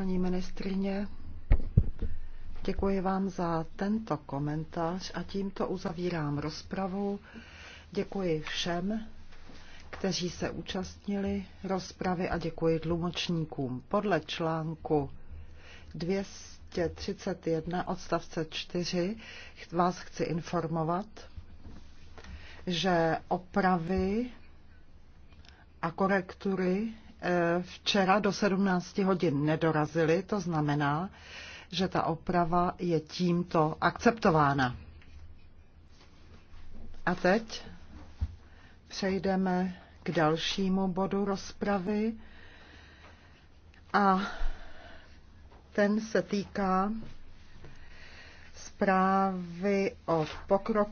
Paní ministrině, děkuji vám za tento komentář a tímto uzavírám rozpravu. Děkuji všem, kteří se účastnili rozpravy a děkuji tlumočníkům. Podle článku 231 odstavce 4 vás chci informovat, že opravy a korektury včera do 17 hodin nedorazili, to znamená, že ta oprava je tímto akceptována. A teď přejdeme k dalšímu bodu rozpravy a ten se týká zprávy o pokroku